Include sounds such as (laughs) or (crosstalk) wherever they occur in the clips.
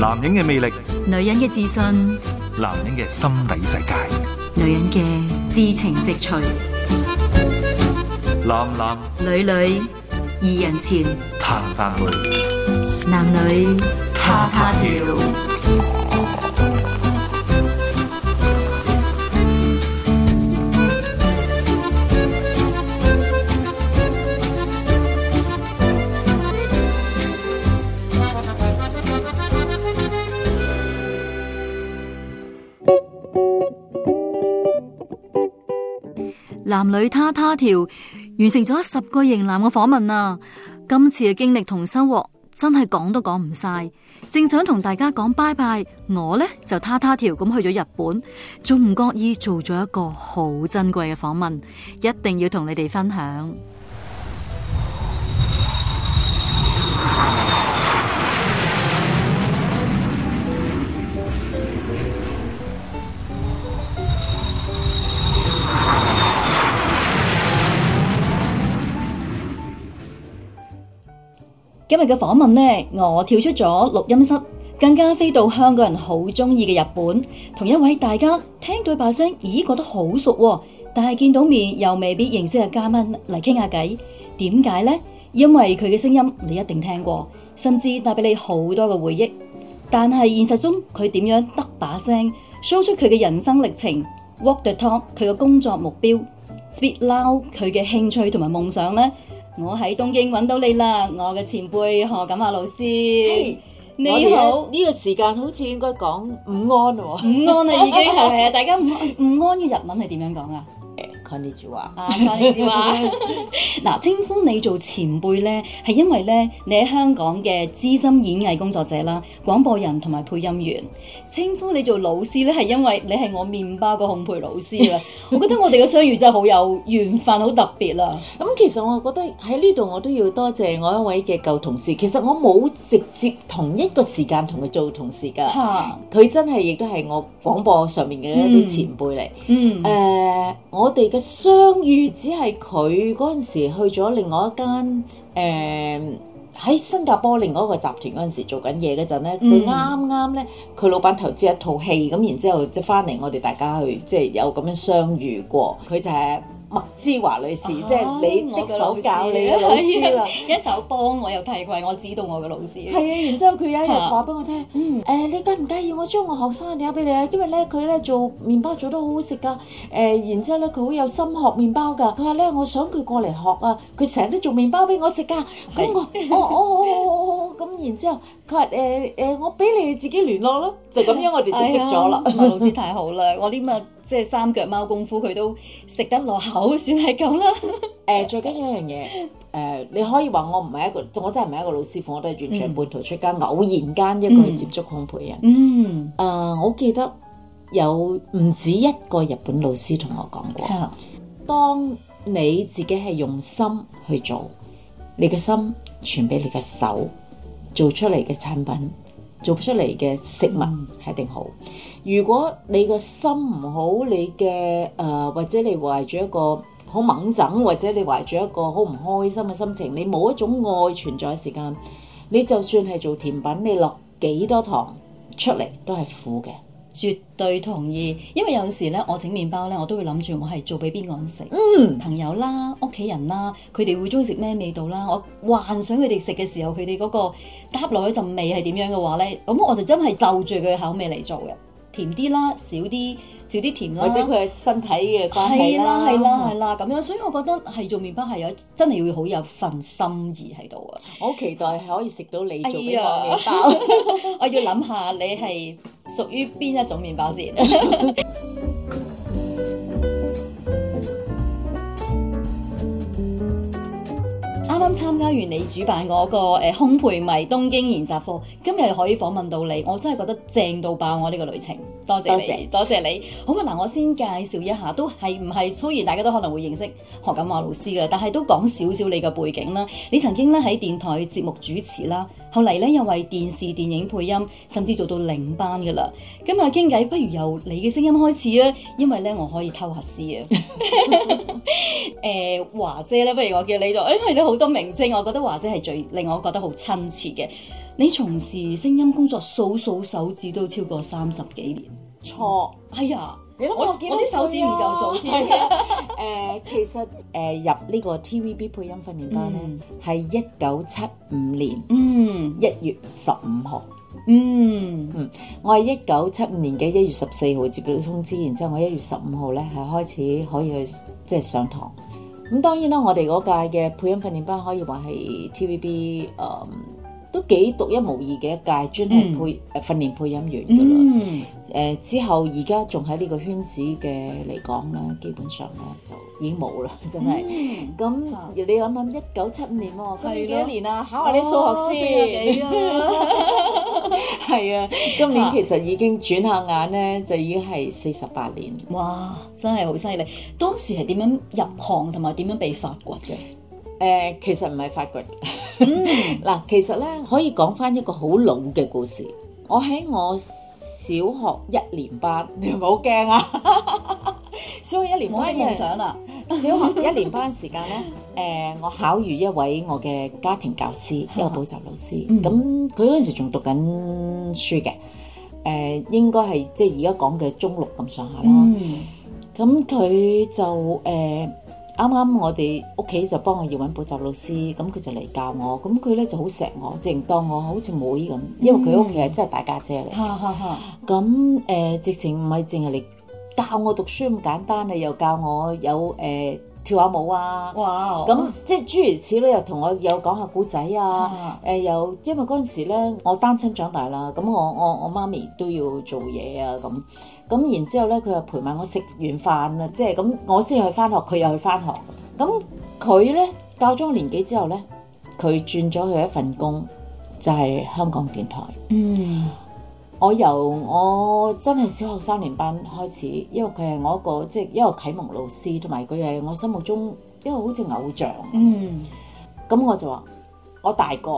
男人嘅魅力，女人嘅自信，男人嘅心底世界，女人嘅至情食趣，男男女女二人前彈彈去，彈彈彈男女他她調。踏踏跳男女他她調完成咗十個型男嘅訪問啊。今次嘅經歷同收穫真係講都講唔晒，正想同大家講拜拜，我呢就他他調咁去咗日本，仲唔覺意做咗一個好珍貴嘅訪問，一定要同你哋分享。 (noise) 今日嘅訪問呢，我跳出咗錄音室，更加飛到香港人好中意嘅日本，同一位大家聽到把聲，咦覺得好熟，哦，但係見到面又未必認識嘅嘉賓嚟傾下偈，點解呢？因為佢嘅聲音你一定聽過，甚至帶俾你好多嘅回憶。但係現實中佢點樣得把聲，show 出佢嘅人生歷程，walk the talk 佢嘅工作目標，speed loud 佢嘅興趣同埋夢想呢。我喺東京揾到你啦，我嘅前輩何錦華老師。Hey, 你好，呢、這個這個時間好似應該講午安喎，午 (laughs) 安啦，已經係咪啊？ (laughs) 大家午午安嘅日文係點樣講啊？康尼珠華，啊，康尼珠華，嗱，稱呼你做前輩呢，係因為呢，你喺香港嘅資深演藝工作者啦，廣播人同埋配音員。稱呼你做老師呢，係因為你係我麵包個烘焙老師啦。 (laughs) 我覺得我哋嘅相遇真係好有緣分，好特別啦。咁其實我覺得喺呢度我都要多謝我一位嘅舊同事。其實我冇直接同一個時間同佢做同事噶，佢 (laughs) 真係亦都係我廣播上面嘅一啲前輩嚟、 (laughs) 嗯。嗯，誒，uh, 我。我哋嘅相遇只係佢嗰陣時去咗另外一間誒喺、呃、新加坡另外一個集團嗰陣時做緊嘢嗰陣咧，佢啱啱咧佢老闆投資一套戲咁，然之後即係翻嚟我哋大家去即係、就是、有咁樣相遇過，佢就係、是。麥之華女士，啊、即係你的手教你老師啦，一手幫我又提攜我，知道我嘅老師。係啊，然之後佢有一日話俾我聽，嗯，誒、呃，你介唔介意我將我學，學生點俾你啊？因為咧佢咧做麵包做得好好食噶，誒、呃，然之後咧佢好有心學麵包噶。佢話咧我想佢過嚟學啊，佢成日都做麵包俾我食噶。咁的我，哦哦哦哦哦。哦哦哦咁然之後，佢話：誒、呃、誒、呃，我俾你自己聯絡咯，就咁樣我哋接識咗啦。哎、呀 (laughs) 老師太好啦，我啲乜即係三腳貓功夫，佢都食得落口，算係咁啦。誒、 (laughs) 呃，最緊要一樣嘢，誒、呃，你可以話我唔係一個，我真係唔係一個老師傅，我都係完全半途出家。嗯、偶然間一個去接觸烘焙人，嗯，誒、呃，我記得有唔止一個日本老師同我講過，嗯嗯、當你自己係用心去做，你嘅心傳俾你嘅手。做出嚟嘅產品，做出嚟嘅食物係一定好。如果你個心唔好，你嘅誒或者你懷住一個好掹憎，或者你懷住一個好唔開心嘅心情，你冇一種愛存在嘅時間，你就算係做甜品，你落幾多糖出嚟都係苦嘅。絕對同意，因為有時咧，我整麵包咧，我都會諗住我係做俾邊個人食，嗯、朋友啦、屋企人啦，佢哋會中意食咩味道啦，我幻想佢哋食嘅時候，佢哋嗰個搭落去陣味係點樣嘅話咧，咁我就真係就住佢嘅口味嚟做嘅，甜啲啦，少啲。少啲甜啦，或者佢係身體嘅關係啦。係啦，係啦，係啦，咁樣，所以我覺得係做麵包係有真係會好有份心意喺度啊！我好期待係可以食到你做嘅麵、哎、呦包， (laughs) (laughs) 我要諗下你係屬於邊一種麵包先。 (laughs) (music) 啱參加完你主辦嗰個誒烘焙迷東京研習課，今日可以訪問到你，我真係覺得正到爆！我呢個旅程，多謝你，多謝，多謝你。好啊，嗱，我先介紹一下，都係唔係初兒，大家都可能會認識何錦華老師啦，但係都講少少你嘅背景啦。你曾經咧喺電台節目主持啦。後嚟咧又為電視、電影配音，甚至做到領班噶啦。咁啊，傾偈不如由你嘅聲音開始啊，因為咧我可以偷下師啊。誒、 (laughs) (laughs) 呃、華姐咧，不如我叫你做，因為你好多明星，我覺得華姐係最令我覺得好親切嘅。你從事聲音工作數數手指都超過三十幾年，錯，哎呀。我我啲手指唔夠數。誒、 (laughs) 呃，其實誒、呃、入呢個 TVB 配音訓練班咧，係一九七五年一月十五號。嗯，嗯，我係一九七五年嘅一月十四號接到通知，然之後我一月十五號咧係開始可以去即係、就是、上堂。咁、嗯、當然啦，我哋嗰屆嘅配音訓練班可以話係 TVB 誒、呃。都幾獨一無二嘅一屆專門配誒、嗯、訓練配音員噶啦，誒、嗯呃、之後而家仲喺呢個圈子嘅嚟講咧，基本上咧就已經冇啦，真係。咁你諗諗一九七五年喎，今年幾多年啊？的考下你數學先。係、哦、啊， (laughs) (laughs) 今年其實已經轉下眼咧，就已經係四十八年。哇，真係好犀利！當時係點樣入行同埋點樣被發掘嘅？誒、呃，其實唔係發掘。嗱，其實咧可以講翻一個好老嘅故事。我喺我小學一年班，你唔好驚啊！小學一年班冇乜夢想啦。小學一年班時間咧，誒，我巧遇一位我嘅家庭教師，一個補習老師。咁佢嗰陣時仲讀緊書嘅，誒，應該係即係而家講嘅中六咁上下啦。咁佢就誒。啱啱我哋屋企就幫我要搵補習老師，咁佢就嚟教我，咁佢咧就好錫我，淨當我好似妹咁，因為佢屋企係真係大家姐嚟。嚇咁誒直情唔係淨係嚟教我讀書咁簡單啊，又教我有誒、呃、跳下舞啊。哇！咁那、嗯、即係諸如此類，又同我有講下故仔啊。誒又、嗯嗯呃，因為嗰陣時咧，我單親長大啦，咁我我我，我媽咪都要做嘢啊，咁。咁然之後咧，佢又陪埋我食完飯啦，即係咁，我先去翻學，佢又去翻學。咁佢咧教咗年紀之後咧，佢轉咗去一份工，就係香港電台。嗯，我由我真係小學三年班開始，因為佢係我一個即係一個啟蒙老師，同埋佢係我心目中一個好似偶像。嗯，咁我就話我大個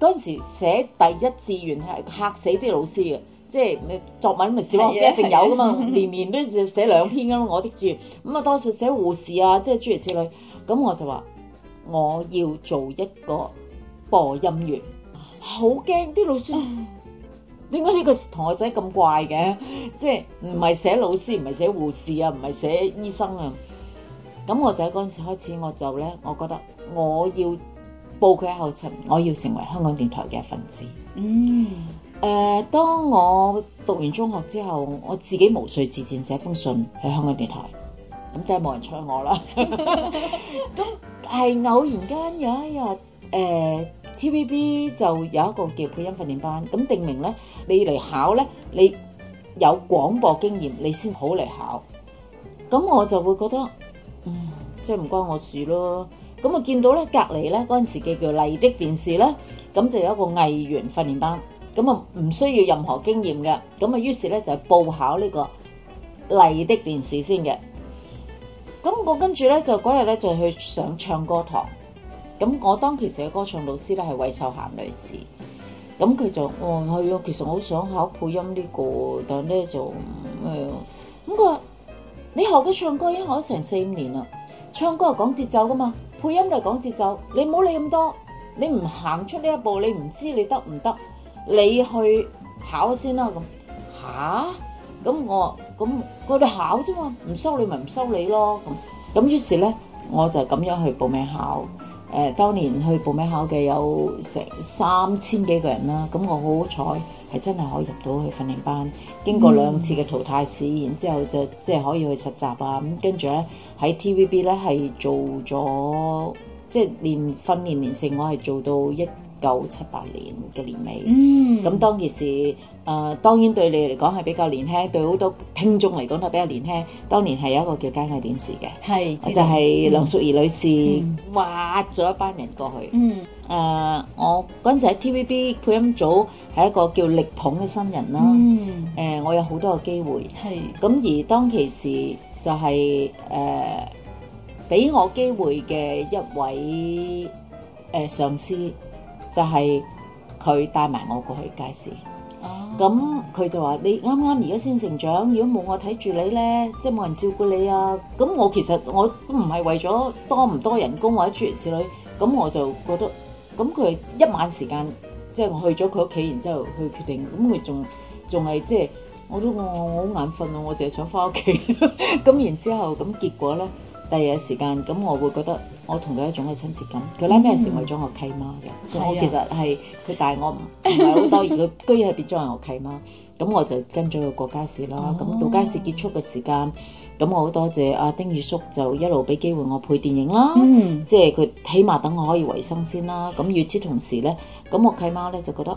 嗰陣時寫第一志願係嚇死啲老師嘅。即係你作文咪小學的一定有噶嘛，年年是的 (laughs) 都寫兩篇噶咯，我啲字咁啊，當時寫護士啊，即係諸如此類，咁我就話我要做一個播音員，好驚啲老師，點解 (laughs) 呢個同學仔咁怪嘅？即係唔係寫老師，唔係寫護士啊，唔係寫醫生啊？咁我就喺嗰陣時開始，我就咧，我覺得我要步佢喺後塵，我要成為香港電台嘅一份子。嗯。誒，當我讀完中學之後，我自己毛遂自薦寫封信去香港電台，咁梗係冇人催我啦。咁係偶然間有一日，誒，T V B 就有一個叫配音訓練班，咁定明咧，你嚟考咧，你有廣播經驗，你先好嚟考。咁我就會覺得，嗯，即係唔關我事咯。咁我見到咧隔離咧嗰陣時嘅叫麗的電視咧，咁就有一個藝員訓練班。咁啊，唔需要任何經驗嘅。咁啊，於是咧就係報考呢、這個麗的電視先嘅。咁我跟住咧就嗰日咧就去上唱歌堂。咁我當其時嘅歌唱老師咧係韋秀霞女士。咁佢就哦，話、哎、啊，其實我好想考配音呢、這個，但係咧就咩，咁佢話你學嘅唱歌已經學咗成四五年啦，唱歌係講節奏噶嘛，配音就係講節奏，你唔好理咁多。你唔行出呢一步，你唔知你得唔得。你去考先啦咁，嚇？咁我，咁我哋考啫嘛，唔收你咪唔收你咯咁。咁於是咧，我就咁樣去報名考。誒，當年去報名考嘅有成三千幾個人啦。咁我好好彩係真係可以入到去訓練班，經過兩次嘅淘汰試，然之後就即係可以去實習啊。咁跟住咧喺 TVB 咧係做咗，即係連訓練年成我係做到一九七八年嘅年尾，咁、嗯、當其時，誒、呃、當然對你嚟講係比較年輕，對好多聽眾嚟講都比較年輕。當年係有一個叫佳藝電視嘅，係就係梁淑儀女士、嗯、挖咗一班人過去。嗯，誒、呃、我嗰陣時喺 TVB 配音組係一個叫力捧嘅新人啦。誒、嗯呃、我有好多個機會，係咁是而當其時就係誒俾我機會嘅一位誒、呃、上司。就係佢帶埋我過去街市，咁佢、oh. 就話：你啱啱而家先成長，如果冇我睇住你咧，即係冇人照顧你啊！咁我其實我都唔係為咗多唔多人工或者諸如此類，咁我就覺得，咁佢一晚時間，即、就、係、是、我去咗佢屋企，然之後去決定，咁佢仲仲係即係，我都我好眼瞓啊，我淨係想翻屋企。咁 (laughs) 然之後，咁結果咧？第二個時間，咁我會覺得我同佢一種嘅親切感。佢拉咩事為咗我契媽嘅，嗯、我其實係佢大我唔係好多，而佢居然係變咗我契媽。咁我就跟咗佢過街市啦。咁、嗯、到街市結束嘅時間，咁我好多謝阿、啊、丁宇叔就一路俾機會我配電影啦。嗯、即係佢起碼等我可以維生先啦。咁與此同時咧，咁我契媽咧就覺得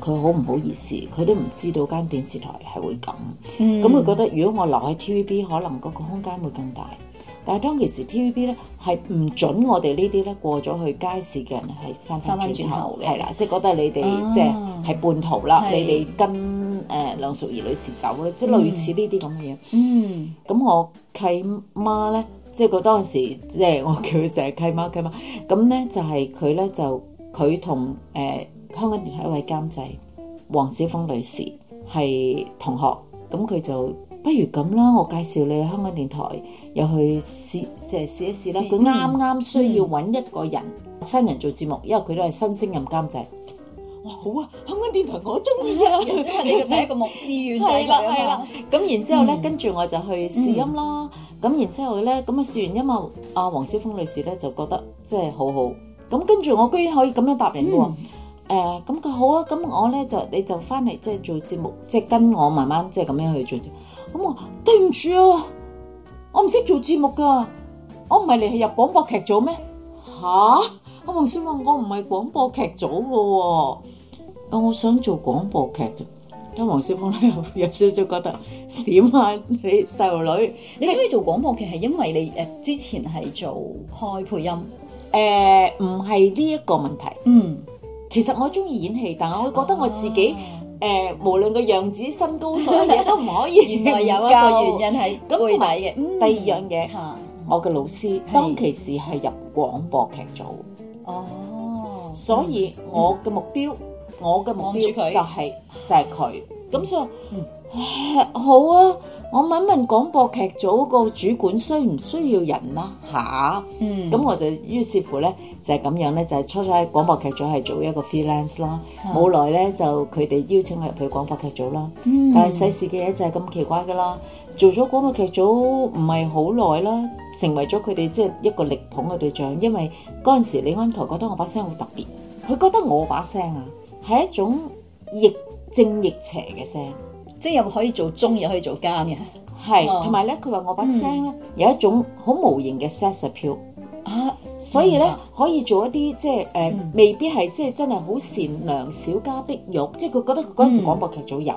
佢好唔好意思，佢都唔知道間電視台係會咁。咁佢、嗯、覺得如果我留喺 TVB，可能嗰個空間會更大。但係，當其時 T.V.B. 咧係唔准我哋呢啲咧過咗去街市嘅人係翻翻轉頭嘅，係啦，即係覺得你哋、啊、即係係叛徒啦。是你哋跟誒、呃、梁淑儀女士走咧，即係類似呢啲咁嘅嘢。嗯，咁、嗯、我契媽咧，即係佢當時即係我叫佢成日契媽契媽咁咧，就係佢咧就佢同誒香港電台一位監製黃小峰女士係同學，咁佢就，不如咁啦，我介紹你香港電台。又去試誒試一試啦！佢啱啱需要揾一個人、嗯、新人做節目，因為佢都係新升任監製。哇！好啊，香港電台我中意啊！咁你做第一個目志願係啦！係啦！咁然之後咧，跟住我就去試音啦。咁、嗯、然之後咧，咁啊試完音啊，阿黃思峰女士咧就覺得即係好好。咁跟住我居然可以咁樣答人嘅喎。咁佢、嗯呃、好啊，咁我咧就你就翻嚟即係做節目，即、就、係、是、跟我慢慢即係咁樣去做節目。咁我對唔住啊！我唔識做節目噶，我唔係嚟，係入廣播劇組咩？嚇！黃小峰，我唔係廣播劇組嘅喎，我我想做廣播劇嘅。但黃小峰咧有少少覺得點啊，你細路女，你中意做廣播劇係因為你誒之前係做開配音誒？唔係呢一個問題。嗯，其實我中意演戲，但我覺得我自己。誒、呃，無論個樣子、身高，所有嘢都唔可以。 (laughs) 原來有一個原因係咁，同埋、嗯嗯、第二樣嘢，嗯、我嘅老師是當其時係入廣播劇組。哦，所以我嘅目標，嗯、我嘅目標就係、是、就係、是、佢。咁、就是、所以。嗯嗯好啊！我問一問廣播劇組個主管需唔需要人啦、啊、吓，咁、嗯、我就於是乎咧就係、是、咁樣咧就係、是、初初喺廣播劇組係做一個 freelance 啦，冇耐咧就佢哋邀請我入去廣播劇組啦。嗯、但係世事嘅嘢就係咁奇怪噶啦，做咗廣播劇組唔係好耐啦，成為咗佢哋即係一個力捧嘅對象，因為嗰陣時李安台覺得我把聲好特別，佢覺得我把聲啊係一種亦正亦邪嘅聲。即係又可以做忠，又可以做奸嘅。係，同埋咧，佢話我把聲咧有一種好模形嘅 sensitive 啊，所以咧可以做一啲即係誒，未必係即係真係好善良、小家碧玉。即係佢覺得嗰陣時廣播劇組有，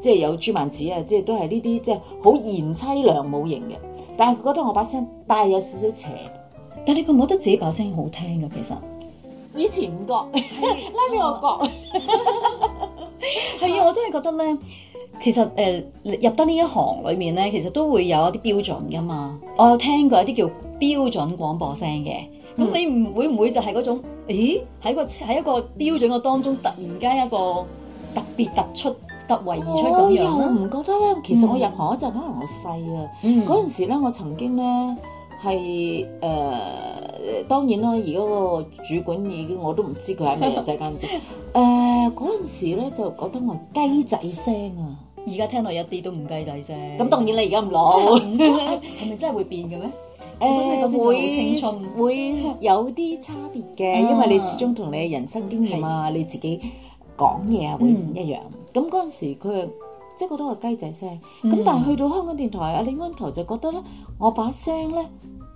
即係有朱曼子啊，即係都係呢啲即係好賢妻良母型嘅。但係覺得我把聲帶有少少邪。但係你覺唔覺得自己把聲好聽㗎？其實以前唔覺，拉俾我覺，係啊，我真係覺得咧。其實誒、呃、入得呢一行裏面咧，其實都會有一啲標準噶嘛。我有聽過一啲叫標準廣播聲嘅，咁你唔會唔會就係嗰種？嗯、咦，喺個喺一個標準嘅當中，突然間一個特別突出、突圍而出咁樣我唔、哦、覺得咩？其實我入行嗰陣，嗯、可能我細啊，嗰陣、嗯、時咧，我曾經咧。係誒當然啦！而家個主管已經我都唔知佢喺咩世間者，誒嗰陣時咧，就覺得我雞仔聲啊！而家聽落一啲都唔雞仔聲。咁當然你而家唔老係咪真係會變嘅咩？誒會會有啲差別嘅，因為你始終同你人生經驗啊，你自己講嘢啊，會唔一樣。咁嗰陣時佢即係覺得我雞仔聲，咁但係去到香港電台，阿李安頭就覺得咧，我把聲咧。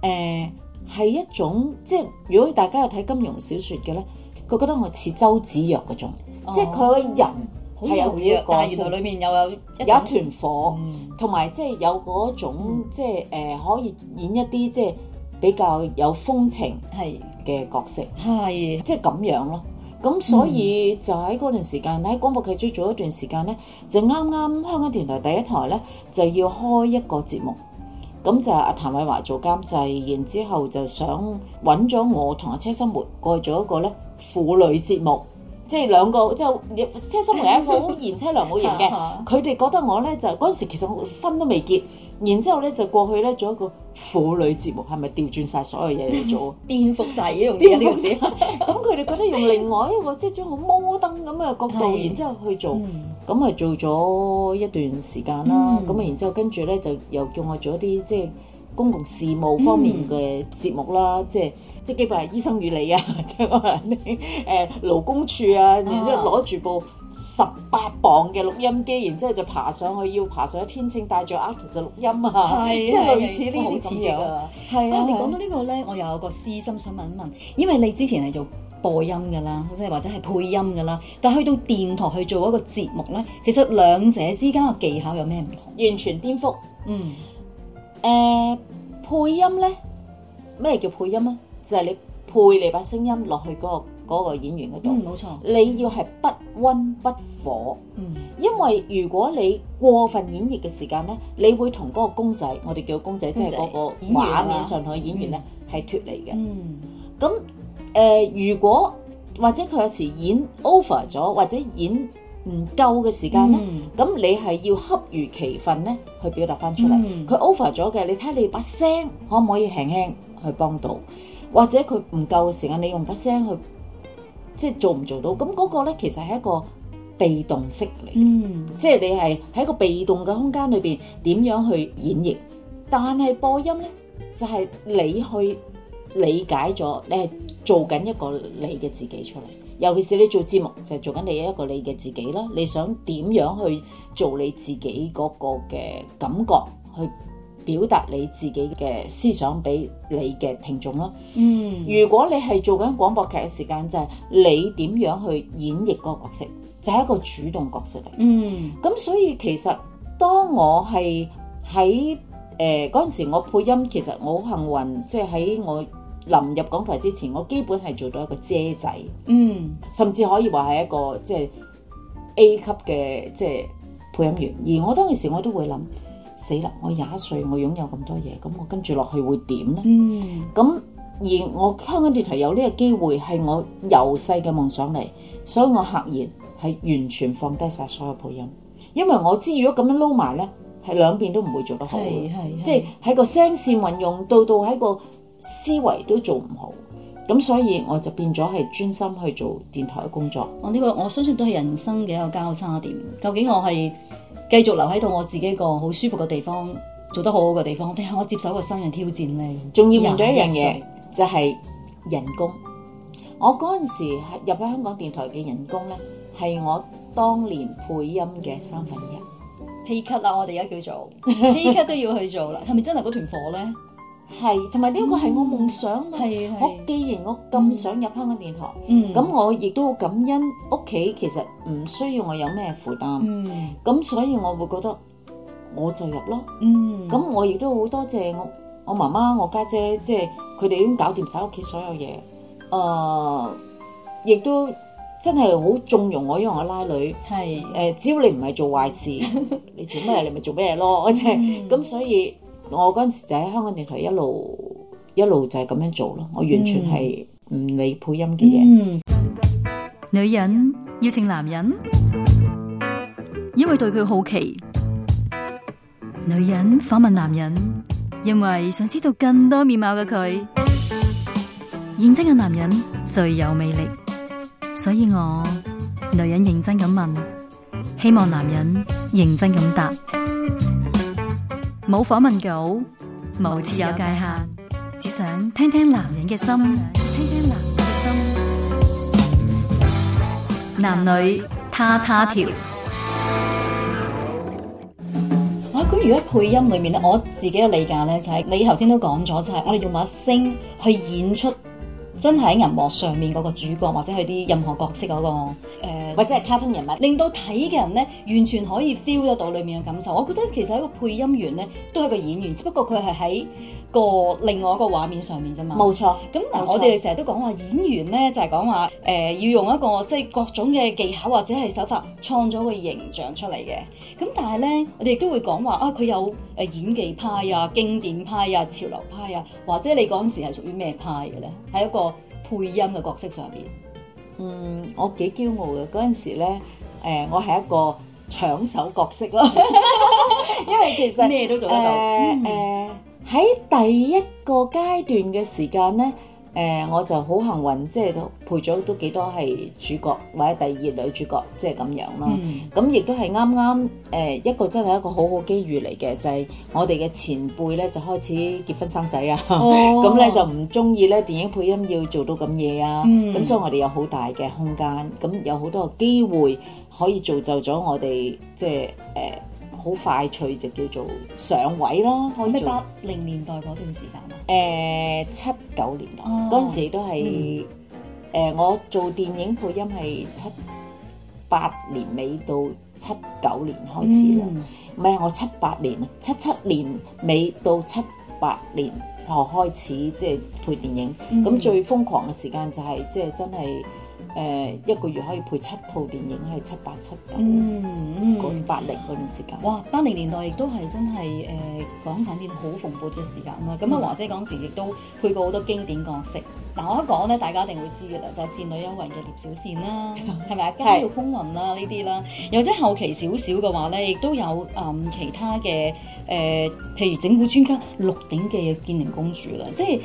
誒係、呃、一種，即係如果大家有睇金庸小說嘅咧，佢覺得我似周芷若嗰種，哦、即係佢個人好有啲角色，裏面又有一有一團火，同埋、嗯嗯、即係有嗰種即係誒可以演一啲即係比較有風情係嘅角色，係即係咁樣咯。咁所以就喺嗰段時間，喺廣播劇組做一段時間咧，就啱啱香港電台第一台咧就要開一個節目。咁就阿譚偉華做監製，然之後就想揾咗我同阿車心梅過去做一個咧婦女節目，即係兩個即係車心梅係一個好賢妻良母型嘅，佢哋 (laughs) 覺得我咧就嗰陣時其實我婚都未結，然之後咧就過去咧做一個。婦女節目係咪調轉晒，所有嘢去做啊？顛覆晒嘢，用啲咁，咁佢哋覺得用另外一個即係將好摩登咁嘅角度，然之後去做，咁啊做咗一段時間啦，咁啊然之後跟住咧，就又叫我做一啲即係公共事務方面嘅節目啦，即係即係基本係醫生與你啊，即係我話咩誒勞工處啊，然之後攞住部。十八磅嘅錄音機，然之後就爬上去，要爬上去天秤，帶住阿特就錄音啊！即係係類似呢啲咁啊。係啊，你講到呢個咧，我又有個私心想問一問，因為你之前係做播音嘅啦，即係或者係配音嘅啦，但係去到電台去做一個節目咧，其實兩者之間嘅技巧有咩唔同？完全顛覆。嗯。誒、呃，配音咧，咩叫配音啊？就係、係、你配你把聲音落去嗰、嗰個。嗰個演員嗰度，冇、嗯、錯。你要係不溫不火，嗯、因為如果你過分演繹嘅時間咧，你會同嗰個公仔，我哋叫公仔，公仔即係嗰個畫面上嘅演員咧，係脫、嗯、離嘅。咁誒、嗯呃，如果或者佢有時演 over 咗，或者演唔夠嘅時間咧，咁、嗯、你係要恰如其分咧去表達返出嚟。佢 over 咗嘅，你睇下你把聲可唔可以輕輕去幫到，或者佢唔夠嘅時間，你用把聲去。即係做唔做到，咁嗰個咧其實係一個被動式嚟，嗯、即係你係喺一個被動嘅空間裏邊點樣去演繹。但係播音咧就係、是、你去理解咗，你係做緊一個你嘅自己出嚟。尤其是你做節目，就係、是、做緊你一個你嘅自己啦。你想點樣去做你自己嗰個嘅感覺去？表達你自己嘅思想俾你嘅聽眾咯。嗯，如果你係做緊廣播劇嘅時間，就係、是、你點樣去演繹嗰個角色，就係、是、一個主動角色嚟。嗯，咁所以其實當我係喺誒嗰陣時，我配音其實我好幸運，即係喺我臨入港台之前，我基本係做到一個遮仔。嗯，甚至可以話係一個即係、就是、A 級嘅即係配音員。而我當時我都會諗。死啦！我廿一歲，我擁有咁多嘢，咁我跟住落去會點呢？咁、嗯、而我香港電台有呢個機會，係我由細嘅夢想嚟，所以我刻意係完全放低晒所有配音，因為我知如果咁樣撈埋呢，係兩邊都唔會做得好。即係喺個聲線運用到到喺個思維都做唔好，咁所以我就變咗係專心去做電台嘅工作。我呢個我相信都係人生嘅一個交叉點，究竟我係。繼續留喺到我自己一個好舒服嘅地方，做得好好嘅地方。睇、哎、下我接受嘅新人挑戰咧，仲要換咗一樣嘢，就係人工。我嗰陣時入咗香港電台嘅人工咧，係我當年配音嘅三分一。P 卡啦，我哋而家叫做 P 卡都要去做啦，係咪？ (laughs) 真係嗰團火咧？係，同埋呢個係我夢想啊！我既然我咁想入香港電台，咁我亦都好感恩屋企，其實唔需要我有咩負擔。咁所以我會覺得我就入咯。咁我亦都好多謝我我媽媽、我家姐，即係佢哋已經搞掂晒屋企所有嘢。誒，亦都真係好縱容我，因為我拉女。係誒，只要你唔係做壞事，你做咩你咪做咩咯，我即係咁所以。我嗰時就喺香港電台一路一路就係咁樣做咯，我完全係唔理配音嘅嘢。嗯嗯、女人邀請男人，因為對佢好奇；女人訪問男人，因為想知道更多面貌嘅佢。認真嘅男人最有魅力，所以我女人認真咁問，希望男人認真咁答。冇訪問稿，冇自由界限，只想聽聽男人嘅心，聽聽男人嘅心。男女他他調啊！如果配音裏面我自己嘅理解呢、就係，就係，你頭先都講咗，就係我哋用把聲去演出。真係喺銀幕上面嗰個主角，或者係啲任何角色嗰個誒，或者係卡通人物，令到睇嘅人咧，完全可以 feel 得到裏面嘅感受。我覺得其實一個配音員咧，都係個演員，只不過佢係喺個另外一個畫面上面啫嘛。冇錯，咁嗱，我哋成日都講話演員咧，就係講話誒要用一個即係各種嘅技巧或者係手法，創咗個形象出嚟嘅。咁但係咧，我哋都會講話啊，佢有誒演技派啊、經典派啊、潮流派啊，或者你嗰陣時係屬於咩派嘅咧？係一個。配音嘅角色上邊，嗯，我幾驕傲嘅。嗰陣時咧，誒、呃，我係一個搶手角色咯， (laughs) 因為其實咩都做得到。誒、呃，喺、呃、第一個階段嘅時間咧。誒、呃、我就好幸運，即係都配咗都幾多係主角或者第二女主角，即係咁樣啦。咁亦、嗯、都係啱啱誒一個真係一個好好機遇嚟嘅，就係、是、我哋嘅前輩咧就開始結婚生仔啊，咁咧、哦、 (laughs) 就唔鍾意咧電影配音要做到咁嘢啊，咁、嗯、所以我哋有好大嘅空間，咁有好多個機會可以造就咗我哋即係誒。呃好快脆，就叫做上位啦。咯，喺八零年代嗰段時間，啊、呃？誒七九年代嗰陣，oh, 時都係誒、嗯呃，我做電影配音係七八年尾到七九年開始啦。唔係、嗯、我七八年，七七年尾到七八年後開始即係、就是、配電影。咁、嗯、最瘋狂嘅時間就係即係真係。誒、呃、一個月可以配七套電影，係七八七百、嗯，嗯嗯，嗰八零嗰段時間。哇！八零年代亦都係真係誒、呃、港產片好蓬勃嘅時間啦。咁、嗯、啊，華姐嗰時亦都配過好多經典角色。嗱，我一講咧，大家一定會知嘅啦，就係《倩女幽魂》嘅聶小倩啦，係咪啊？《家有風雲》啦，呢啲啦，又或者後期少少嘅話咧，亦都有嗯其他嘅誒、呃，譬如整蠱專家鹿鼎記嘅《建寧公主》啦，即係。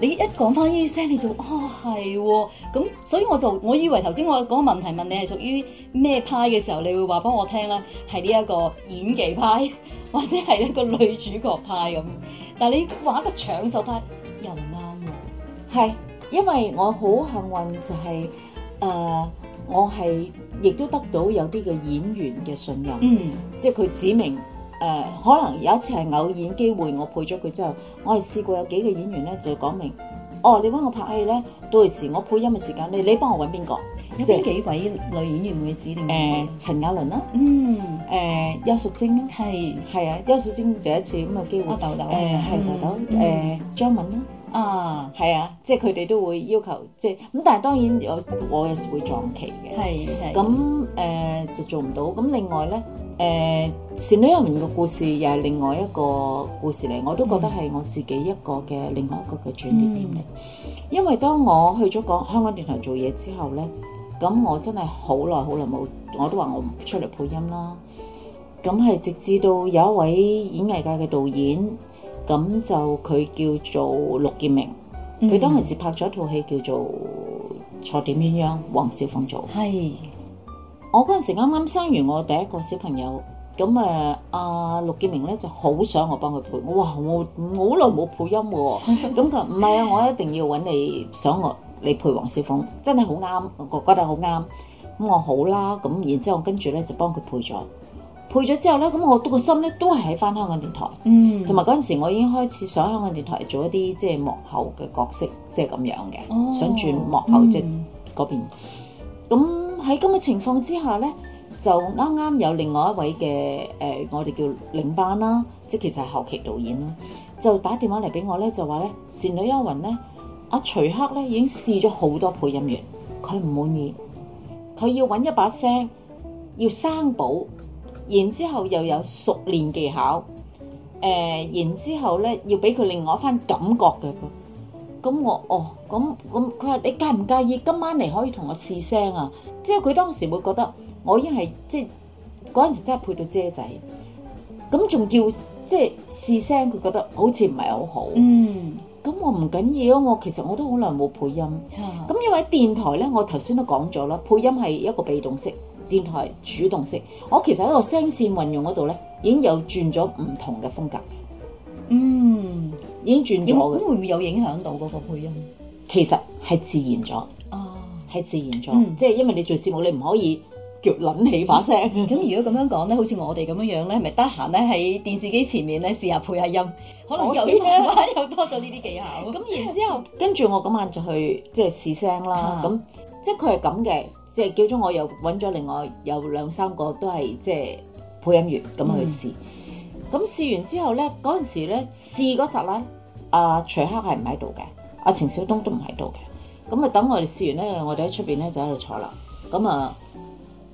你一講翻呢聲，你就哦係喎，咁所以我就我以為頭先我嗰個問題問你係屬於咩派嘅時候，你會話畀我聽啦，係呢一個演技派或者係一個女主角派咁，但係你話一個搶手派又唔啱喎，係因為我好幸運就係、是、誒、呃，我係亦都得到有啲嘅演員嘅信任，嗯，即係佢指明。誒、呃、可能有一次係偶然機會，我配咗佢之後，我係試過有幾個演員咧就講明，哦你揾我拍戲咧，到時我配音嘅時間，你你幫我揾邊個？有邊幾位女演員會指定？誒陳、呃、雅倫啦、啊，嗯，誒邱淑貞，係係啊，邱淑貞就一次咁嘅機會，誒係豆豆，誒張敏啦。弟啊，係、uh, 啊，即係佢哋都會要求，即係咁。但係當然有，我有時會撞期嘅，係係。咁誒、呃、就做唔到。咁另外咧，誒善女入面嘅故事又係另外一個故事嚟，我都覺得係我自己一個嘅、mm hmm. 另外一個嘅轉變點嚟。Mm hmm. 因為當我去咗港香港電台做嘢之後咧，咁我真係好耐好耐冇，我都話我唔出嚟配音啦。咁係直至到有一位演藝界嘅導演。咁就佢叫做陸劍明，佢、嗯、當陣時拍咗一套戲叫做《錯點鴛鴦》，黃小鳳做。係是，我嗰陣時啱啱生完我第一個小朋友，咁啊，阿、呃、陸劍明咧就好想我幫佢配，我我我好耐冇配音嘅，咁佢唔係啊， (laughs) 我一定要揾你，想我你配黃小鳳，真係好啱，我覺得好啱，咁我好啦，咁然之後跟住咧就幫佢配咗。配咗之後咧，咁我呢都個心咧都係喺翻香港電台，同埋嗰陣時我已經開始想香港電台做一啲即係幕後嘅角色，即係咁樣嘅，哦、想轉幕後即係嗰、嗯、邊。咁喺咁嘅情況之下咧，就啱啱有另外一位嘅誒、呃，我哋叫領班啦，即係其實係後期導演啦，就打電話嚟俾我咧，就話咧《倩女幽魂》咧，阿徐克咧已經試咗好多配音員，佢唔滿意，佢要揾一把聲，要生保。然之後又有熟練技巧，誒、呃，然之後咧要俾佢另外一番感覺嘅，咁、嗯、我、嗯嗯、哦，咁咁，佢、嗯、話你介唔介意今晚嚟可以同我試聲啊？即係佢當時會覺得我已經係即係嗰陣時真係配到姐仔，咁仲叫即係試聲，佢覺得好似唔係好好。嗯，咁我唔緊要啊，我、哦、其實我都好耐冇配音，咁、啊、因為電台咧，我頭先都講咗啦，配音係一個被動式。電台主動式，我其實喺個聲線運用嗰度咧，已經有轉咗唔同嘅風格。嗯，已經轉咗咁會唔會有影響到嗰、那個配音？其實係自然咗，哦、啊，係自然咗。嗯、即係因為你做節目，你唔可以叫撚起把聲。咁、 (laughs) 嗯、如果咁樣講咧，好似我哋咁樣樣咧，係咪得閒咧喺電視機前面咧試下配下音，可能咁咧又多咗呢啲技巧。咁然之後，跟住我嗰晚就去即係試聲啦。咁 (laughs) 即係佢係咁嘅。 即係叫咗我，又揾咗另外有兩三個都係即係配音員咁去試，咁、嗯、試完之後咧，嗰陣時咧試嗰時咧，阿徐克係唔喺度嘅，阿程小東都唔喺度嘅，咁、嗯、啊、嗯、等我哋試完咧，我哋喺出邊咧就喺度坐啦，咁啊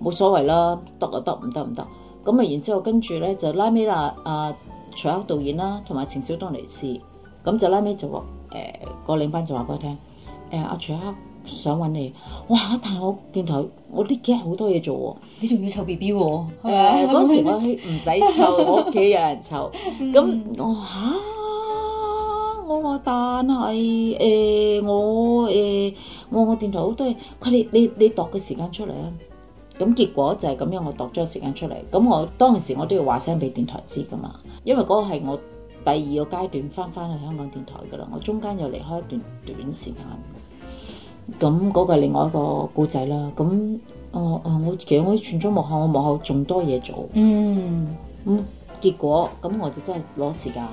冇所謂啦，得就得，唔得唔得，咁啊然之後跟住咧就拉尾啦、啊，阿、啊、徐克導演啦、啊，同埋程小東嚟試，咁、嗯、就拉尾就話，誒、呃那個領班就話俾佢聽，誒、呃、阿、呃啊、徐克。想揾你，哇！但係我電台，我呢幾日好多嘢做喎、哦。你仲要湊 B B 喎？嗰時我唔使湊，我屋企有人湊。咁我嚇，我話但係誒，我誒我我電台好多嘢。佢哋，你你度個時間出嚟啊！咁結果就係咁樣，我度咗個時間出嚟。咁我當陣時我都要話聲俾電台知噶嘛，因為嗰個係我第二個階段翻翻去香港電台噶啦。我中間又離開一段短時間。咁嗰、嗯、個係另外一個故仔啦。咁，哦哦，我其實我傳咗幕後，我幕後仲多嘢做。嗯。咁、嗯、結果，咁我就真係攞時間。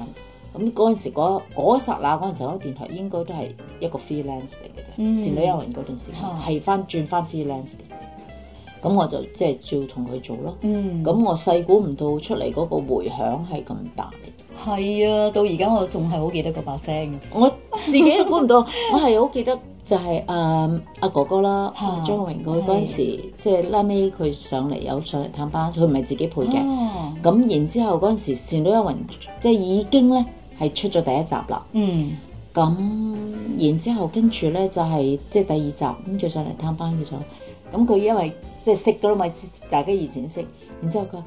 咁嗰陣時，嗰一剎那，嗰陣時候，嗰陣時嗰個、時候個電台應該都係一個 freelance 嚟嘅啫。倩女幽魂嗰段時間係翻轉翻 freelance 嘅。咁我就即係照同佢做咯。嗯。咁我細估唔到出嚟嗰個迴響係咁大。係啊，到而家我仲係好記得嗰把聲。 (laughs) 我自己都估唔到，我係好記得。就係誒阿哥哥啦，啊、張國榮佢嗰陣時，是即係 last 尾佢上嚟有上嚟探班，佢唔係自己配嘅。咁、啊、然之後嗰陣時，倩女幽魂即係已經咧係出咗第一集啦。嗯，咁然之後跟住咧就係、是、即係第二集跟住上嚟探班嘅時候。咁佢因為即係識咗啦嘛，大家以前識。然之後佢話，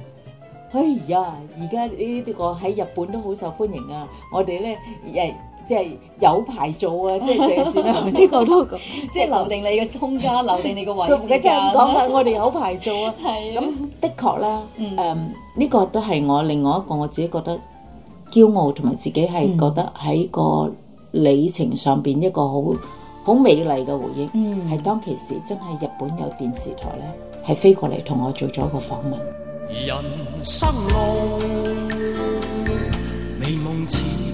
哎呀，而家呢啲個喺日本都好受歡迎啊！我哋咧誒。哎即係有排做啊！即係正先啦，呢個都講即係留定你嘅空間，留定你嘅位置啊！我哋有排做啊！係，咁的確啦，誒呢個都係我另外一個我自己覺得驕傲同埋自己係覺得喺個旅程上邊一個好好美麗嘅回憶。係當其時真係日本有電視台咧，係飛過嚟同我做咗一個訪問。人生路，美夢似。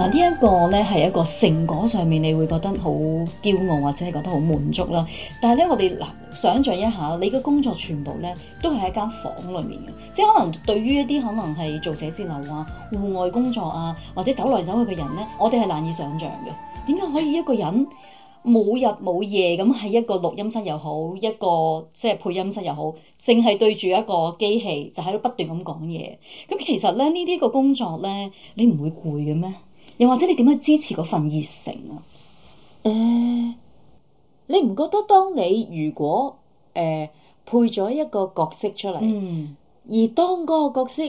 嗱，呢一個咧係一個成果上面，你會覺得好驕傲，或者係覺得好滿足啦。但係呢，我哋嗱，想象一下，你嘅工作全部咧都係喺間房裏面嘅，即係可能對於一啲可能係做寫字樓啊、戶外工作啊，或者走來走去嘅人呢，我哋係難以想象嘅。點解可以一個人冇日冇夜咁喺一個錄音室又好，一個即係配音室又好，淨係對住一個機器就喺度不斷咁講嘢？咁其實咧，呢啲個工作呢，你唔會攰嘅咩？又或者你點樣支持嗰份熱誠啊？誒、呃，你唔覺得當你如果誒、呃、配咗一個角色出嚟，嗯、而當嗰個角色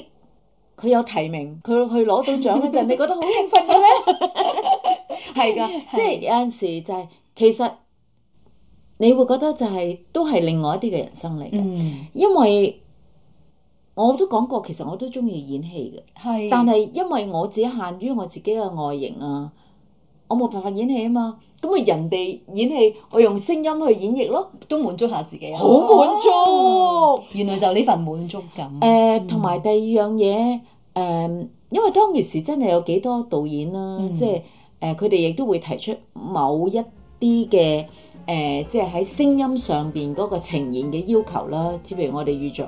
佢有提名，佢去攞到獎嗰陣，你覺得好興奮嘅咩？係噶， (laughs) (laughs) 即係有陣時就係其實你會覺得就係都係另外一啲嘅人生嚟嘅，嗯、因為。我都講過，其實我都中意演戲嘅，是但係因為我只限於我自己嘅外形啊，我冇辦法演戲啊嘛。咁咪人哋演戲，我用聲音去演繹咯，都滿足下自己。好滿、哦、足、哦，原來就呢份滿足感。誒、呃，同埋、嗯、第二樣嘢，誒、呃，因為當其時真係有幾多導演啦、啊，即係誒，佢哋亦都會提出某一啲嘅誒，即係喺聲音上邊嗰個呈現嘅要求啦、啊。即譬如我哋預著。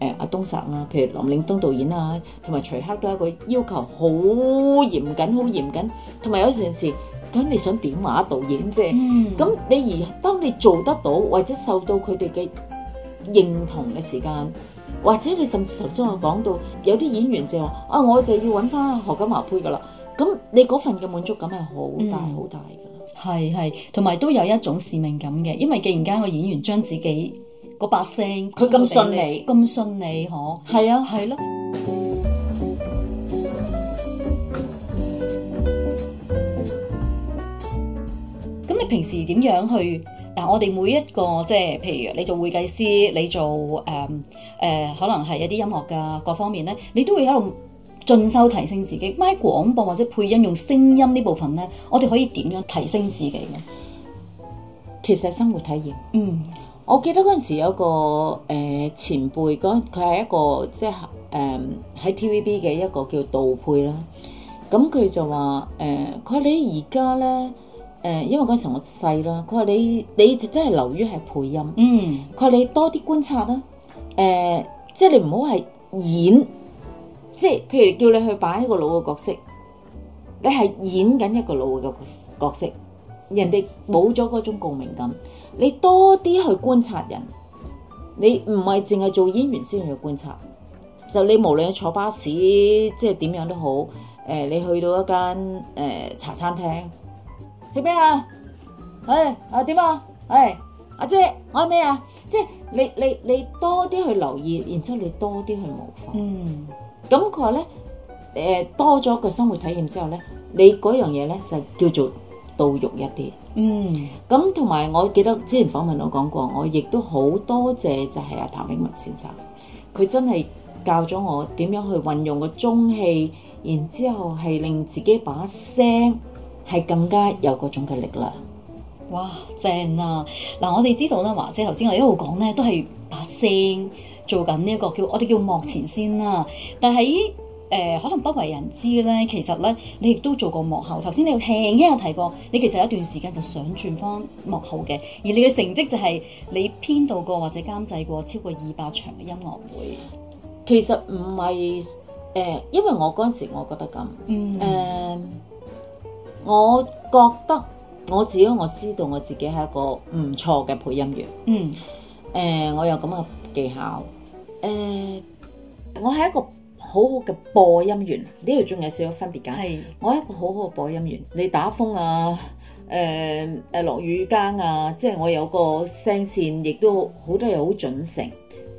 誒阿、呃、東薩啊，譬如林嶺東導演啊，同埋徐克都係一個要求好嚴謹，好嚴謹。同埋有陣時，咁你想點話、啊、導演啫？咁、嗯、你而當你做得到，或者受到佢哋嘅認同嘅時間，或者你甚至頭先我講到有啲演員就話：啊，我就要揾翻何錦華配噶啦。咁你嗰份嘅滿足感係好大好、嗯、大嘅。係係，同埋都有一種使命感嘅，因為既然間個演員將自己。嗰把聲，佢咁信你，咁信你，嗬？係啊，係咯的。咁你平時點樣去？嗱、啊，我哋每一個即係，譬如你做會計師，你做誒誒、呃呃，可能係一啲音樂㗎各方面咧，你都會喺度進修提升自己。咪喺廣播或者配音用聲音呢部分咧，我哋可以點樣提升自己嘅？其實生活體驗，嗯。我記得嗰陣時有個誒、呃、前輩，嗰佢係一個即係、呃、誒喺 TVB 嘅一個叫導配啦。咁佢就話誒：佢、呃、話你而家咧誒，因為嗰陣時我細啦。佢話你你真係流於係配音。嗯。佢話你多啲觀察啦。誒、呃，即、就、係、是、你唔好係演，即、就、係、是、譬如叫你去擺一個老嘅角色，你係演緊一個老嘅角色，人哋冇咗嗰種共鳴感。你多啲去觀察人，你唔係淨係做演員先要去觀察，就你無論你坐巴士即係點樣都好，誒、呃，你去到一間誒、呃、茶餐廳，食咩啊？誒啊點啊？誒阿、啊哎啊、姐我咩啊？即係你你你多啲去留意，然之後你多啲去模仿。嗯，咁佢話咧誒多咗個生活體驗之後咧，你嗰樣嘢咧就叫做。到肉一啲，嗯，咁同埋，我記得之前訪問我講過，我亦都好多謝就係阿譚永文先生，佢真係教咗我點樣去運用個中氣，然之後係令自己把聲係更加有嗰種嘅力量。哇，正啊！嗱，我哋知道啦，華姐頭先我一路講咧，都係把聲做緊呢一個叫我哋叫幕前先啦、啊，但係誒、呃、可能不為人知咧，其實咧，你亦都做過幕後。頭先你輕輕有提過，你其實有一段時間就想轉翻幕後嘅，而你嘅成績就係你編導過或者監製過超過二百場嘅音樂會。其實唔係誒，因為我嗰陣時我覺得咁，誒、嗯呃，我覺得我自己我知道我自己係一個唔錯嘅配音員，嗯，誒、呃，我有咁嘅技巧，誒、呃，我係一個。好好嘅播音員，呢度仲有少少分別㗎。是我係一個好好嘅播音員，你打風啊，誒誒落雨間啊，即係我有個聲線亦都好多嘢，好準成誒、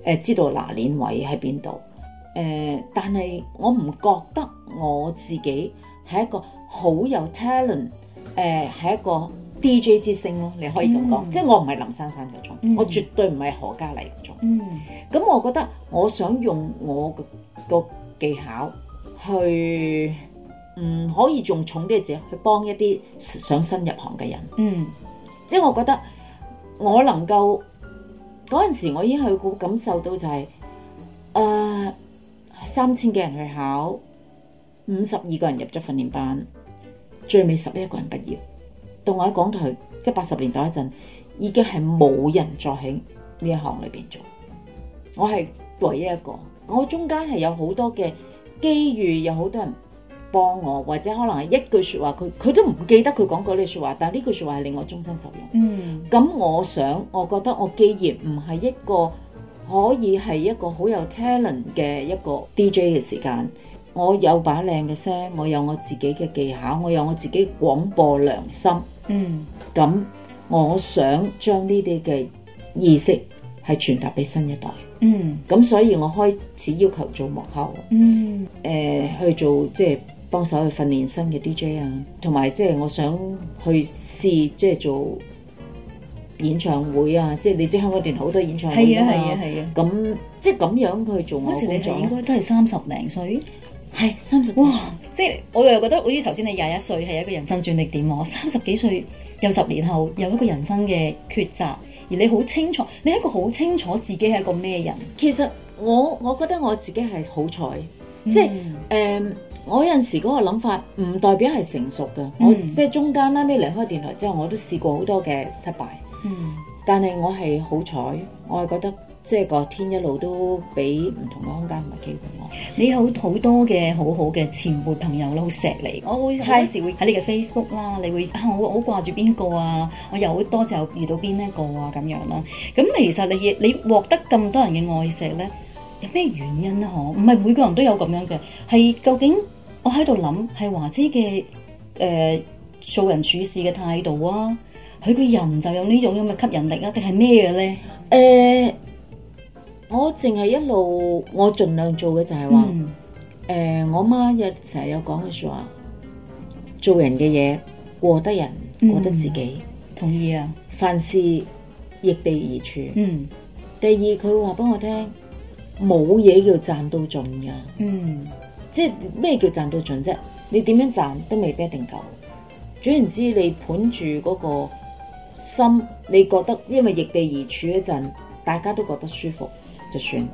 呃、知道拿鏈位喺邊度誒，但係我唔覺得我自己係一個好有 talent 誒、呃、係一個 D J 之星咯。你可以咁講，嗯、即係我唔係林珊珊嗰種，嗯、我絕對唔係何嘉麗嗰種，嗯，咁、嗯、我覺得我想用我嘅。個技巧去，唔、嗯、可以用重啲嘅字去幫一啲想新入行嘅人。嗯，即係我覺得我能夠嗰陣時，我已經去感受到就係、是，誒、呃，三千幾人去考，五十二個人入咗訓練班，最尾十一個人畢業。到我喺港台，即係八十年代一陣，已經係冇人再喺呢一行裏邊做，我係唯一一個。我中間係有好多嘅機遇，有好多人幫我，或者可能係一句說話，佢佢都唔記得佢講過嗰句說話，但呢句說話係令我終身受用。嗯，咁我想，我覺得我既然唔係一個可以係一個好有 talent 嘅一個 DJ 嘅時間，我有把靚嘅聲，我有我自己嘅技巧，我有我自己廣播良心。嗯，咁我想將呢啲嘅意識係傳達俾新一代。嗯，咁所以我開始要求做幕後，嗯，誒、呃、去做即係幫手去訓練新嘅 DJ 啊，同埋即係我想去試即係做演唱會啊，即、就、係、是、你知香港電台好多演唱會係啊係啊係啊，咁即係咁樣去做我。當時你應該都係三十零歲，係 (laughs) 三十。哇！即、就、係、是、我又覺得，好似頭先你廿一歲係一個人生轉捩點，我三十幾歲有十年後有一個人生嘅抉擇。而你好清楚，你係一個好清楚自己係一個咩人。其實我我覺得我自己係好彩，嗯、即係誒、呃，我有陣時嗰個諗法唔代表係成熟嘅。嗯、我即係中間拉尾離開電台之後，我都試過好多嘅失敗。嗯，但係我係好彩，我係覺得。即係個天一路都俾唔同嘅空間同埋機會我，啊、你有好多嘅好好嘅前輩朋友啦，好錫你。我會好多時會喺你嘅 Facebook 啦，你會啊，我好掛住邊個啊，我又好多時候遇到邊一個啊咁樣啦、啊。咁其實你你獲得咁多人嘅愛錫咧，有咩原因啊？可唔係每個人都有咁樣嘅？係究竟我喺度諗係華姐嘅誒做人處事嘅態度啊，佢個人就有呢種咁嘅吸引力啊？定係咩嘅咧？誒、呃。我淨係一路，我盡量做嘅就係話，誒、嗯呃，我媽日成日有講嘅說話，做人嘅嘢，過得人，過得自己，嗯、同意啊。凡事易地而處。嗯。第二，佢話俾我聽，冇嘢要賺到盡噶。嗯。即係咩叫賺到盡啫？你點樣賺都未必一定夠。總言之，你盤住嗰個心，你覺得因為易地而處嗰陣，大家都覺得舒服。就算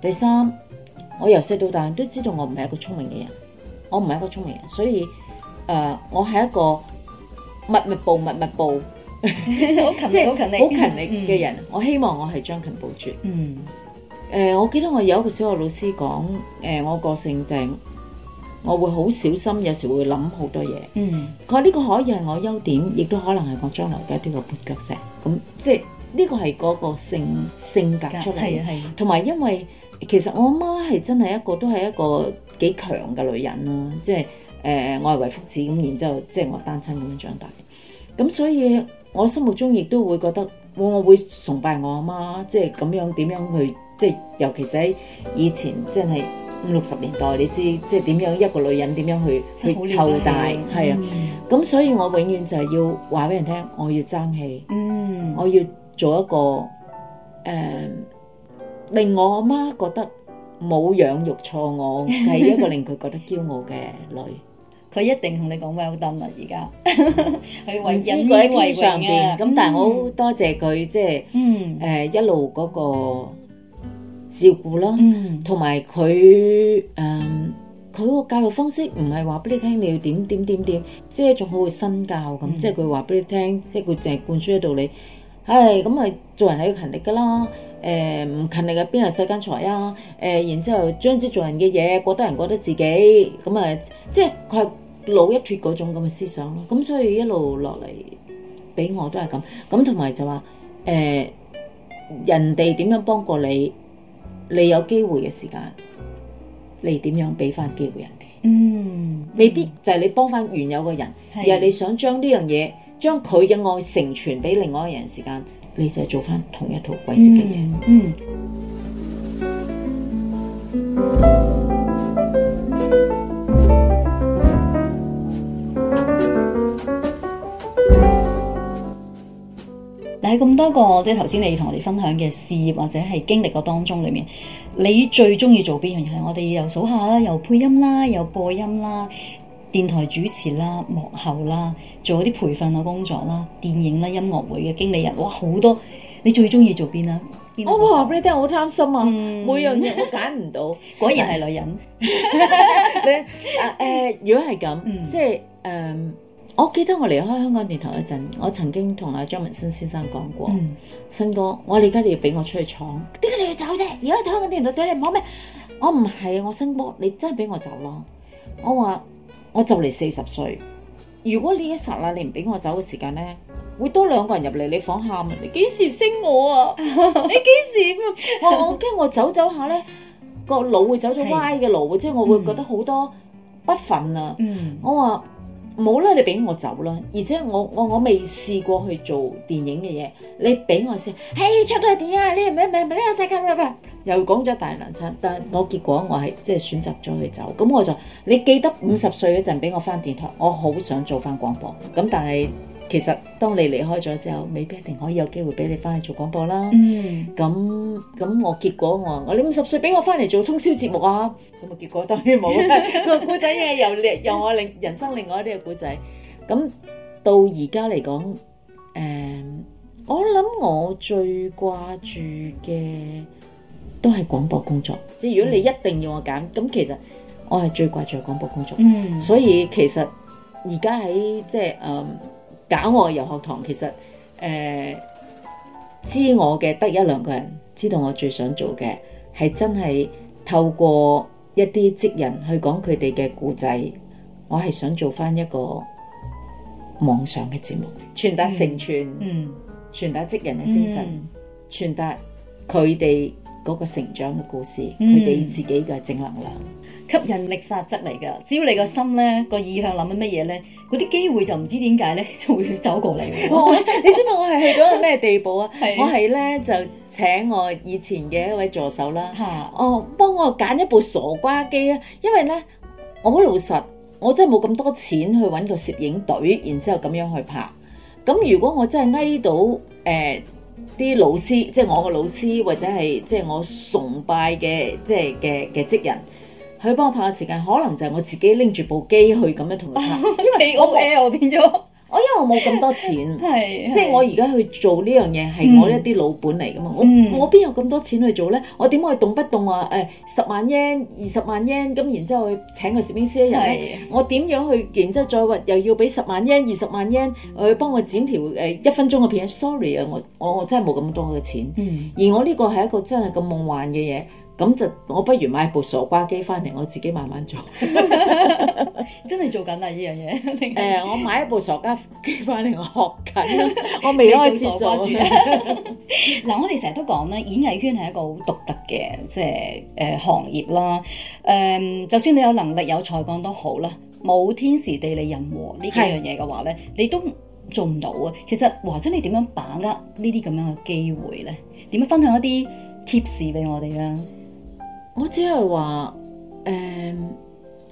第三，我由細到大都知道我唔係一個聰明嘅人，我唔係一個聰明人，所以誒、呃，我係一個密密步、密密步，即係好勤力嘅 (noise) 人。我希望我係將勤補拙。 (noise) 嗯。誒、呃，我記得我有一個小學老師講，誒、呃，我個性靜，我會好小心，有時會諗好多嘢。嗯。佢話呢個可以係我優點，亦都可能係我將來一啲嘅絆腳石。咁即係。呢個係嗰個性、嗯、性格出嚟，同埋因為其實我阿媽係真係一個都係一個幾強嘅女人啦，即係誒，我係為福子咁，然之後即係我單親咁樣長大，咁所以我心目中亦都會覺得、哦、我會崇拜我阿媽，即係咁樣點樣去，即係尤其喺以前即係、就是、五六十年代，你知即係點樣一個女人點樣去、啊、去湊大，係啊，咁、嗯、所以我永遠就係要話俾人聽，我要爭氣，嗯，我要。做一個誒令我媽覺得冇養育錯我，係一個令佢覺得驕傲嘅女。佢一定同你講 well done 啦，而家佢為人上邊咁。但係我好多謝佢即係誒一路嗰個照顧啦，同埋佢誒佢個教育方式唔係話俾你聽你要點點點點，即係一種好嘅身教咁。即係佢話俾你聽，即係佢淨係灌輸啲道理。唉，咁咪、哎、做人係要勤力噶啦，誒、呃、唔勤力嘅邊係世間財啊？誒、呃，然之後將之做人嘅嘢過得人過得自己，咁、嗯、啊，即係佢係老一脫嗰種咁嘅思想咯。咁所以一路落嚟，俾我都係咁，咁同埋就話誒、呃，人哋點樣幫過你，你有機會嘅時間，你點樣俾翻機會人哋？嗯，未必就係你幫翻原有嘅人，是而係你想將呢樣嘢。將佢嘅愛成全俾另外一個人時間，時間你就係做翻同一套季節嘅嘢。嗯，嗱喺咁多個即係頭先你同我哋分享嘅事業或者係經歷個當中裏面，你最中意做邊樣嘢？我哋又數下啦，又配音啦，又播音啦，電台主持啦，幕後啦。做啲培訓嘅工作啦，電影啦，音樂會嘅經理人，哇，好多！你最中意做邊啊？我話阿你 e d 好貪心啊，嗯、每樣嘢揀唔到，果然係是女人。誒 (laughs) 誒、啊呃，如果係咁，嗯、即係誒、呃，我記得我離開香港電台一陣，我曾經同阿張文新先生講過，嗯、新哥，我哋而家要俾我出去闖，點解你要走啫？而家喺香港電台對你唔好咩？我唔係啊，我新哥，你真係俾我走咯！我話我就嚟四十歲。如果呢一剎啦，你唔俾我走嘅時間咧，會多兩個人入嚟，你房喊，你幾時升我啊？你幾時、啊、我我驚我走走下咧，個腦會走咗歪嘅路，的即係我會覺得好多不忿啊！嗯、我話。冇啦，你俾我走啦，而且我我我未試過去做電影嘅嘢，你俾我先，哎，hey，出咗去電影啊，你唔係唔係呢個世界，唔唔，又講咗大兩餐，但係我結果我係即係選擇咗去走，咁我就你記得五十歲嗰陣俾我翻電台，我好想做翻廣播，咁但係。其實當你離開咗之後，未必一定可以有機會俾你返去做廣播啦。嗯，咁咁我結果我你我你五十歲俾我返嚟做通宵節目啊？咁、那、啊、個、結果當然冇啦。個 (laughs) 故仔嘅由另由我另人生另外一啲嘅故仔。咁到而家嚟講，誒、嗯，我諗我最掛住嘅都係廣播工作。即係如果你一定要我揀，咁、嗯、其實我係最掛住廣播工作。嗯，所以其實而家喺即係誒。嗯搞我遊學堂，其實誒、呃、知我嘅得一兩個人知道我最想做嘅係真係透過一啲職人去講佢哋嘅故仔，我係想做翻一個網上嘅節目，傳達成全，傳達職人嘅精神，傳達佢哋嗰個成長嘅故事，佢哋、嗯、自己嘅正能量，吸引力法則嚟㗎。只要你個心咧、個意向諗緊乜嘢咧？嗰啲機會就唔知點解咧，就會走過嚟、 (laughs) 哦。你知唔知我係去咗個咩地步啊？ (laughs) 的我係咧就請我以前嘅一位助手啦。的哦，幫我揀一部傻瓜機啊！因為咧我好老實，我真係冇咁多錢去揾個攝影隊，然之後咁樣去拍。咁如果我真係挨到誒啲、呃、老師，即、就、係、是、我嘅老師，或者係即係我崇拜嘅，即係嘅嘅職人。佢幫我拍嘅時間，可能就係我自己拎住部機去咁樣同佢拍，因為 O A 我變咗。 (laughs) 我因為我冇咁多錢，即係 (laughs) 是我而家去做呢樣嘢係我一啲老本嚟噶嘛，嗯、我、嗯、我邊有咁多錢去做咧？我點可以動不動話、啊、誒、哎、十萬 yen 二十萬 yen 咁，然之後去請個攝影師咧？是我點樣去，然之後再話又要俾十萬 yen 二十萬 yen 去幫我剪一條誒一分鐘嘅片、嗯、？Sorry 啊，我我真係冇咁多嘅錢。嗯、而我呢個係一個真係咁夢幻嘅嘢。咁就我不如買部傻瓜機翻嚟，我自己慢慢做。 (laughs) (laughs) 真係做緊啦呢樣嘢。誒、 (laughs) 呃，我買一部傻瓜機翻嚟，我學緊。我未開始住。嗱，我哋成日都講咧，演藝圈係一個好獨特嘅即係誒、呃、行業啦。誒、嗯，就算你有能力有才幹都好啦，冇天時地利人和呢幾樣嘢嘅話咧，的你都做唔到啊。其實，或者你點樣把握這這樣呢啲咁樣嘅機會咧？點樣分享一啲貼士俾我哋咧？我只係話，誒、呃，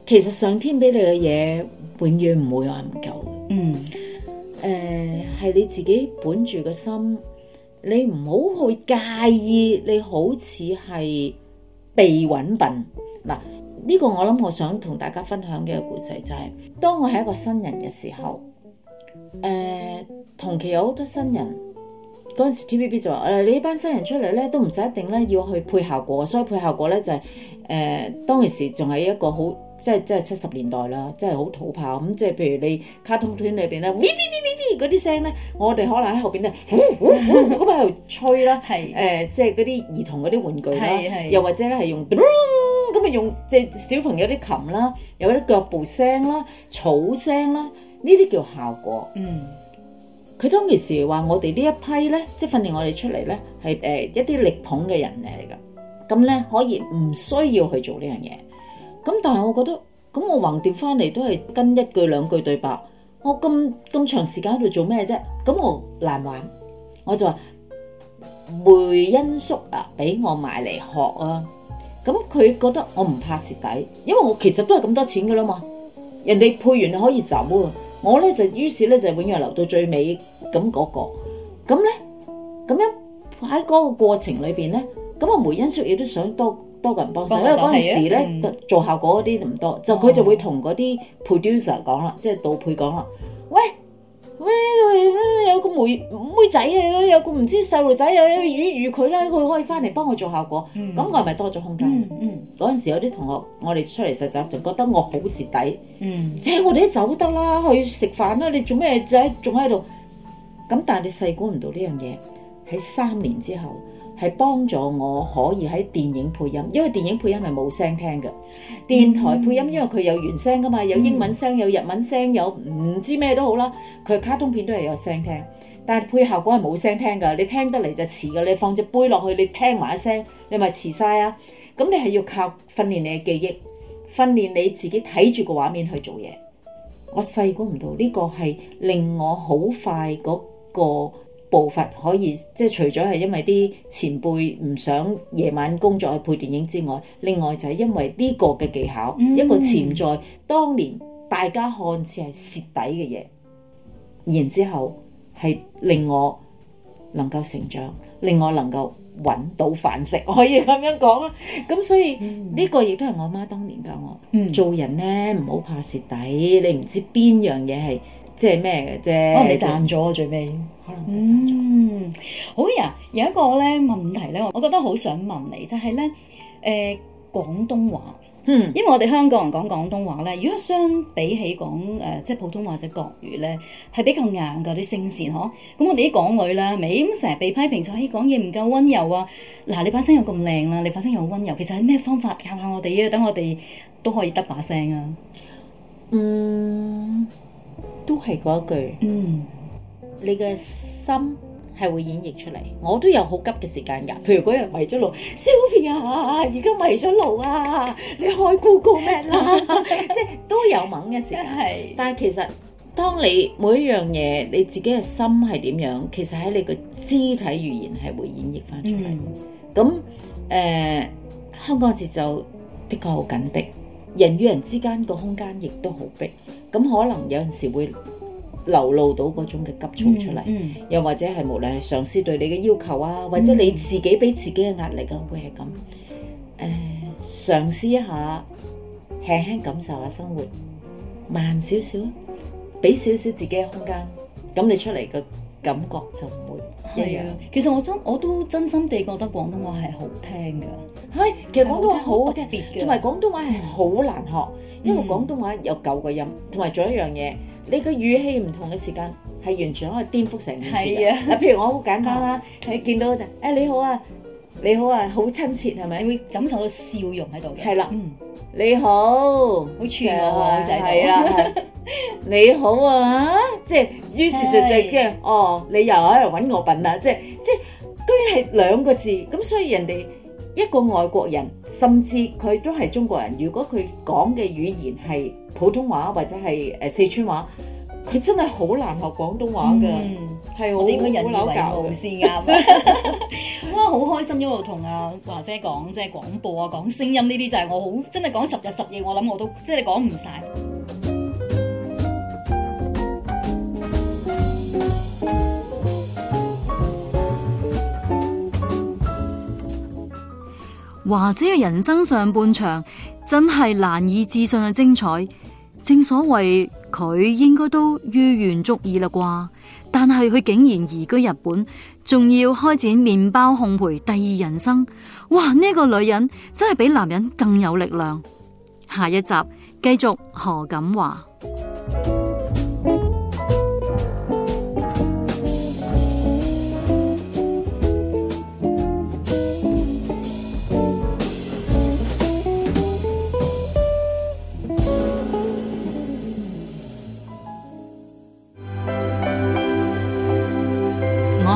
其實上天俾你嘅嘢，永遠唔會話唔夠。嗯，誒、呃，係你自己本住個心，你唔好去介意，你好似係被揾笨。嗱，呢、這個我諗我想同大家分享嘅故事就係、是，當我係一個新人嘅時候，誒、呃，同期有好多新人。嗰陣時 TVB 就話誒你呢班新人出嚟咧都唔使一定咧要去配效果，所以配效果咧就係、是、誒、呃、當其時仲係一個好即係即係七十年代啦，即係好土炮咁，即係譬如你卡通片裏邊咧嗰啲聲咧，我哋可能喺後邊咧咁喺度吹啦，誒、呃呃呃呃、即係嗰啲兒童嗰啲玩具啦，又或者咧係用咁啊用即係小朋友啲琴啦，有啲腳步聲啦、草聲啦，呢啲叫效果。嗯。佢當其時話：我哋呢一批咧，即係訓練我哋出嚟咧，係誒、呃、一啲力捧嘅人嚟㗎。咁咧可以唔需要去做呢樣嘢。咁但係我覺得，咁我橫掂翻嚟都係跟一句兩句對白，我咁咁長時間喺度做咩啫？咁我難玩。我就話梅恩叔啊，俾我買嚟學啊。咁佢覺得我唔怕蝕底，因為我其實都係咁多錢㗎啦嘛。人哋配完可以走啊。我咧就於是咧就永遠留到最尾咁嗰、那個，咁咧咁樣喺嗰個過程裏邊咧，咁阿梅欣雪亦都想多多個人幫手，因為嗰陣時咧、嗯、做效果嗰啲就唔多，就佢就會同嗰啲 producer 講啦，哦、即係到配講啦，喂。喂、嗯嗯， (noise) 有個妹妹仔啊，有個唔知細路仔，有預預佢啦，佢可以翻嚟幫我做效果，咁我係咪多咗空間？嗰陣、嗯嗯、時有啲同學，我哋出嚟實習，就覺得我好蝕底，即、嗯、請我哋走得啦，去食飯啦，你做咩就仲喺度？咁但係你細估唔到呢樣嘢，喺三年之後。係幫助我可以喺電影配音，因為電影配音係冇聲聽嘅。電台配音，因為佢有原聲噶嘛，有英文聲，有日文聲，有唔知咩都好啦。佢卡通片都係有聲聽，但係配效果係冇聲聽噶。你聽得嚟就遲噶，你放隻杯落去，你聽埋一聲，你咪遲晒啊！咁你係要靠訓練你嘅記憶，訓練你自己睇住個畫面去做嘢。我細估唔到呢個係令我好快嗰個。步伐可以即係除咗係因為啲前輩唔想夜晚工作去配電影之外，另外就係因為呢個嘅技巧，嗯、一個潛在、嗯、當年大家看似係蝕底嘅嘢，然之後係令我能夠成長，令我能夠搵到飯食，可以咁樣講啊！咁所以、嗯、呢個亦都係我媽當年教我，嗯、做人咧唔好怕蝕底，你唔知邊樣嘢係。即係咩嘅啫？即可能你讚咗最尾。嗯、可能嗯，好呀，有一個咧問題咧，我覺得好想問你，就係、是、咧，誒、呃、廣東話，嗯，因為我哋香港人講廣東話咧，如果相比起講誒、呃、即係普通話或者國語咧，係比較硬㗎啲聲線嗬，咁、啊嗯、我哋啲港女啦，咪咁成日被批評就可以講嘢唔夠溫柔啊。嗱、啊，你把聲又咁靚啦，你把聲又溫柔，其實係咩方法教下我哋啊？等我哋都可以得把聲啊。嗯。係嗰一句，嗯，你嘅心係會演繹出嚟。我都有好急嘅時間噶，譬如嗰日迷咗路，Sophia 啊，而家 (laughs) 迷咗路啊，你開 Google 咩啦？ (laughs) 即係都有猛嘅時間。是但係其實，當你每一樣嘢，你自己嘅心係點樣，其實喺你嘅肢體語言係會演繹翻出嚟。咁誒、嗯呃，香港嘅節奏的確好緊迫，人與人之間個空間亦都好逼。咁可能有陣時會流露到嗰種嘅急躁出嚟，又或者係無論係上司對你嘅要求啊，或者你自己俾自己嘅壓力啊，會係咁。誒，嘗試一下，輕輕感受下生活，慢少少，俾少少自己嘅空間，咁你出嚟嘅感覺就唔會一樣。其實我真我都真心地覺得廣東話係好聽㗎，係其實廣東話好特別，同埋廣東話係好難學，因為廣東話有九個音，同埋仲有一樣嘢。你個語氣唔同嘅時間，係完全可以顛覆成件事啊，譬如我好簡單啦，你、啊、見到誒、哎、你好啊，你好啊，好親切係咪？是是你會感受到笑容喺度嘅。係啦、啊，嗯，你好，好串啊，係啦，你好啊，即係於是就就驚、是啊、哦，你又喺度搵我笨啦、啊，即係即係居然係兩個字，咁所以人哋。一個外國人，甚至佢都係中國人。如果佢講嘅語言係普通話或者係誒四川話，佢真係好難學廣東話㗎。係、嗯、很我哋應該人以為傲先啱。哇，好開心一路同阿華姐講，即係廣播啊，講聲音呢啲就係我好真係講十日十夜，我諗我都即係講唔晒。就是華姐嘅人生上半場真係難以置信嘅精彩，正所謂佢應該都於願足矣啦啩，但係佢竟然移居日本，仲要開展麵包烘焙第二人生，哇！呢個女人真係比男人更有力量。下一集繼續何錦華。